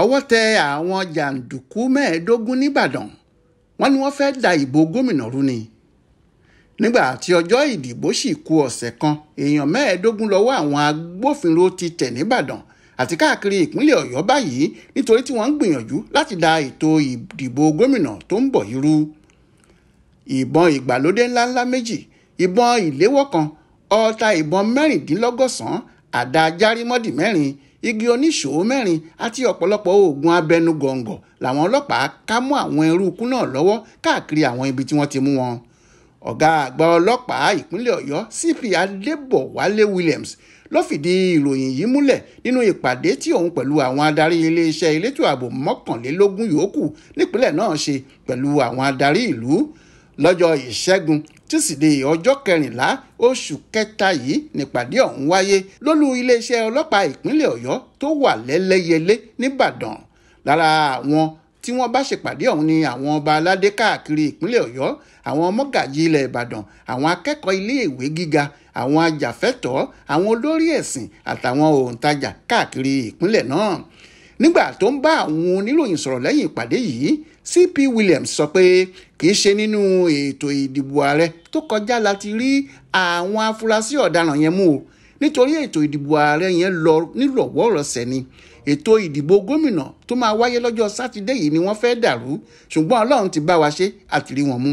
ọwọ́ tẹ àwọn jàǹdùkú mẹ́ẹ̀ẹ́dógún nìbàdàn wọ́n ní wọ́n fẹ́ẹ́ da ìbò gómìnà rú ni nígbà tí ọjọ́ ìdìbò sì kù ọ̀sẹ̀ kan èèyàn mẹ́ẹ̀ẹ́dógún lọ́wọ́ àwọn agbófinró ti tẹ̀ nìbàdàn àti káàkiri ìpínlẹ̀ ọ̀yọ́ báyìí nítorí tí wọ́n ń gbìyànjú láti da ètò ìdìbò gómìnà tó ń bọ̀ yìí rú ìbọn ìgbàlódé ńláńlá méjì ìbọn ìléwọ́ kan ọta ìbọn mẹ́rìndínlọ́gọ́sàn àdá járímọ́dì mẹ́rin igi oníṣòwò mẹ́rin àti ọ̀pọ̀lọpọ̀ oògùn abẹnugọ̀ngọ̀ làwọn ọlọ́pàá ká mú àwọn eruku náà lọ́wọ́ káàkiri àwọn ibi tí wọ́n ti mú wọn. ọ̀gá àgbà ọlọ́pàá ìpínlẹ̀ ọ̀yọ́ cp adébọ̀wálé williams ló fìdí ìròyìn yìí múlẹ̀ nínú ìpàdé tí òun pẹ̀lú àwọn adarí iléeṣẹ́ elétò ààbò mọ́kànlélógún yòókù nípínlẹ̀ náà ṣe pẹ̀lú àwọn adarí ìlú lọ́jọ́ ìṣẹ́gun tísídẹ̀ẹ́ ọjọ́ kẹrìnlá oṣù kẹta yìí nípàdé ọ̀hún wáyé lólú iléeṣẹ́ ọlọ́pàá ìpínlẹ̀ ọ̀yọ́ tó wà lẹ́lẹ́yẹlé nìbàdàn lára àwọn tí wọ́n bá ṣèpàdé ọ̀hún ni àwọn ọba aládé káàkiri ìpínlẹ̀ ọ̀yọ́ àwọn mọ́gàjì ilẹ̀ ìbàdàn àwọn akẹ́kọ̀ọ́ iléèwé gíga àwọn ajàfẹ́tọ̀ọ́ àwọn olórí ẹ̀sìn àtàwọn òǹtajà káàkiri ìpínlẹ̀ náà nígbà tó ń bá àwọn oníròyìn sọ̀rọ̀ lẹ́yìn ìpàdé yìí CP Williams sọ pé kì í ṣe nínú ètò ìdìbò ààrẹ tó kọjá láti rí àwọn afurasí ọ̀daràn yẹn mú o nítorí ètò ìdìbò ààrẹ yẹn lọ nílọ̀wọ́rọ̀sẹ̀ ni ètò ìdìbò gómìnà tó máa wáyé lọ́jọ́ sátidé yìí ni wọ́n fẹ́ dàrú ṣùgbọ́n ọlọ́run ti bá wa ṣe àtìrí wọn mú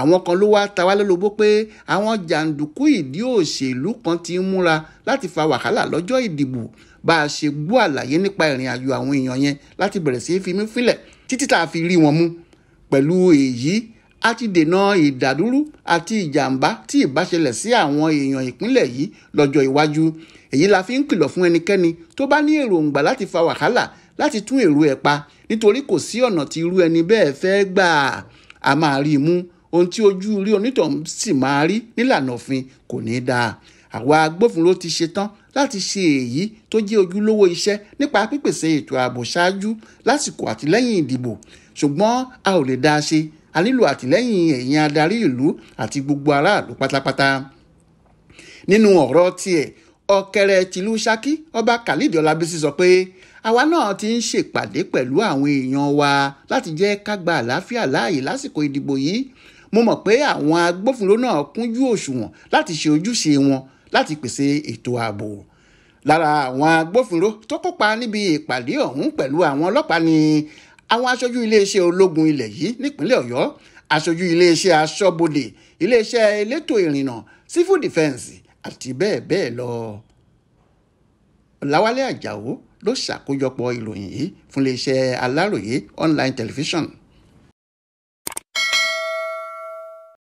àwọn kan ló wá ta wá lólobó pé àwọn jàǹdùkú ìdí òṣèlú kan ti ń múra láti fa wàhálà lọ́jọ́ ìdìbò bá a ṣe gbọ́ àlàyé nípa ìrìn àjò àwọn èèyàn yẹn láti bẹ̀rẹ̀ sí í fi mí fílẹ̀ títí tá a fi rí wọn mú pẹ̀lú èyí a ti dènà ìdádúró àti ìjàmbá tí ìbáṣẹlẹ̀ sí àwọn èèyàn ìpínlẹ̀ yìí lọ́jọ́ iwájú èyí la fi ń kìlọ̀ fún ẹnikẹ́ni tó bá ní èròǹgbà láti fa wàhálà láti tún èrò ẹ̀ pa nítorí kò sí ọ̀nà tí irú ẹni bẹ́ẹ̀ fẹ́ gbà á máa rí i mú ohun tí ojú rí onítọ̀hún sì máa rí nílànà òfin kò ní í dáa àwa agbófinró ti ṣetán láti ṣe èyí tó jẹ́ ojúlówó iṣẹ́ nípa pípèsè ètò ààbò ṣáájú lásìkò àti lẹ́yìn ìdìbò ṣùgbọ́n a ò lè dá a ṣe a nílò àtìlẹ́yìn ẹ̀yin adarí ìlú àti gbogbo aráàlú pátápátá nínú ọ̀rọ̀ tiẹ̀ ọ̀kẹ̀rẹ̀ tìlú Ṣakí ọba Khalid Ọlábísí sọ pé àwa náà ti ń ṣèpàdé pẹ̀lú àwọn èèyàn wa láti jẹ́ ká gba àlàáfíà láàyè lásìkò ìdìbò yìí mo mọ̀ pé àwọn agbófinró náà kúnjú òṣùwọ̀n láti ṣe ojúṣe wọn láti pèsè ètò ààbò lára àwọn agbófinró tó kópa níbi ìpàdé ọ̀hún pẹ̀lú àwọn ọlọ́pàá ni àwọn aṣojú iléeṣẹ́ ológun ilẹ̀ yìí nípínlẹ̀ ọ̀yọ́ aṣojú iléeṣẹ́ aṣọ́bodè iléeṣẹ́ elétò ìrìnnà civil defence àti bẹ́ẹ̀ bẹ́ẹ̀ lọ. ọ̀làwálẹ̀ àjàó ló ṣàkójọpọ̀ ìròyìn yìí fún iléeṣẹ́ aláròye online television.